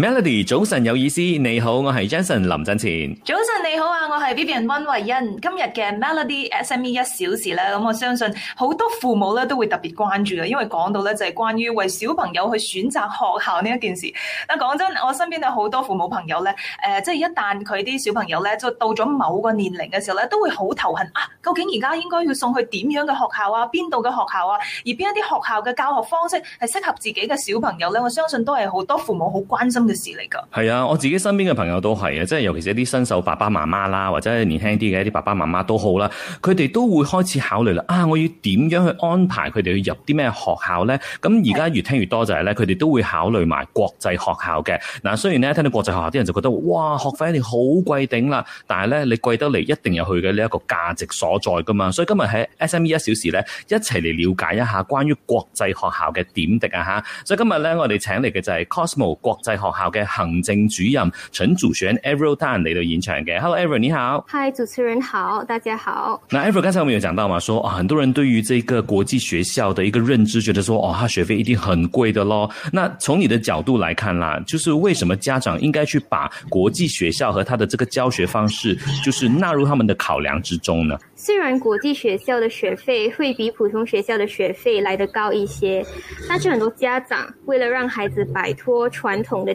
Melody，早晨有意思，你好，我係 Jason 林振前。早晨你好啊，我係 Vivian 溫慧欣。今日嘅 Melody SME 一小時咧，咁我相信好多父母咧都會特別關注啊，因為講到咧就係關於為小朋友去選擇學校呢一件事。但講真，我身邊有好多父母朋友咧，誒、呃，即係一旦佢啲小朋友咧，就到咗某個年齡嘅時候咧，都會好頭痕啊。究竟而家應該要送去點樣嘅學校啊？邊度嘅學校啊？而邊一啲學校嘅教學方式係適合自己嘅小朋友咧？我相信都係好多父母好關心。嘅係啊！我自己身邊嘅朋友都係啊，即係尤其是一啲新手爸爸媽媽啦，或者係年輕啲嘅一啲爸爸媽媽都好啦，佢哋都會開始考慮啦。啊，我要點樣去安排佢哋去入啲咩學校呢？咁而家越聽越多就係咧，佢哋都會考慮埋國際學校嘅。嗱，雖然呢，聽到國際學校啲人就覺得哇，學費一定好貴頂啦，但係呢，你貴得嚟一定有佢嘅呢一個價值所在噶嘛。所以今日喺 SME 一小時呢，一齊嚟了解一下關於國際學校嘅點滴啊吓。所以今日呢，我哋請嚟嘅就係 QOSMO 國際學。學校嘅行政主任陳祖璇 Avery Dan 你都現場嘅，Hello Avery 你好，嗨，主持人好，大家好。那 Avery 剛才我們有講到嘛，說啊、哦，很多人對於這個國際學校的一個認知，覺得說哦，他學費一定很貴的咯。那從你的角度來看啦，就是為什麼家長應該去把國際學校和他的這個教學方式，就是納入他們的考量之中呢？雖然國際學校的學費會比普通學校的學費來得高一些，但是很多家長為了讓孩子擺脫傳統的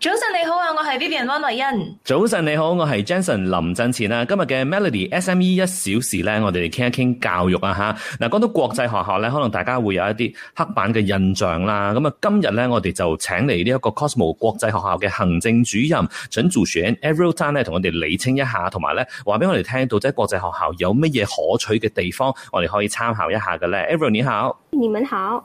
早晨你好啊，我係 Vivian 溫麗恩。早晨你好，我係 Jason 林振前啊。今日嘅 Melody SME 一小時咧，我哋嚟傾一傾教育啊吓。嗱，講到國際學校咧，可能大家會有一啲刻板嘅印象啦。咁啊，今日咧，我哋就請嚟呢一個 QOSMO 國際學校嘅行政主任準助選 Evelyn 咧，同我哋理清一下，同埋咧話俾我哋聽到，即國際學校有乜嘢可取嘅地方，我哋可以參考一下嘅咧。Evel 你好，你們好。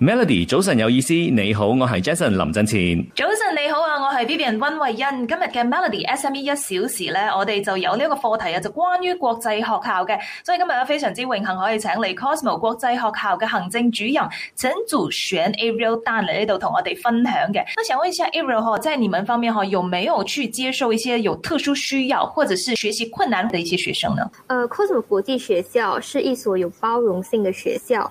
Melody，早晨有意思，你好，我係 Jason 林振前。早晨你好啊，我係 Vivian 溫慧欣。今日嘅 Melody SME 一小時咧，我哋就有呢一個課題啊，就關於國際學校嘅。所以今日啊，非常之榮幸可以請嚟 QOSMO 國際學校嘅行政主任，陳祖選 Ariel Dan 嚟到同我哋分享嘅。我想問一下 Ariel 哈，在你們方面哈，有沒有去接受一些有特殊需要，或者是學習困難嘅一些學生呢？誒，uh，QOSMO 國際學校是一所有包容性嘅學校。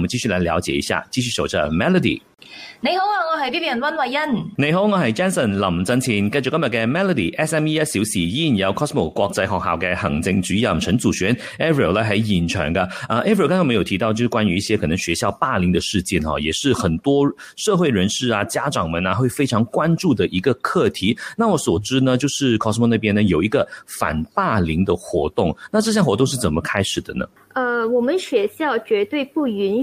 我們繼續來了解一下，繼續守着 Melody。你好啊，我係 Bibi 溫慧欣。你好，我係 Jason 林振前。繼續今日嘅 Melody SME 一小時，依然有 QOSMO 國際學校嘅行政主任陳祖選。Ariel 呢喺現場噶。啊，Ariel 剛剛我們有提到，就是關於一些可能學校霸凌的事件哈，也是很多社會人士啊、家長們啊會非常關注的一個課題。那我所知呢，就是 QOSMO 那邊呢有一個反霸凌的活動。那這項活動是怎麼開始的呢？呃、uh，我們學校絕對不允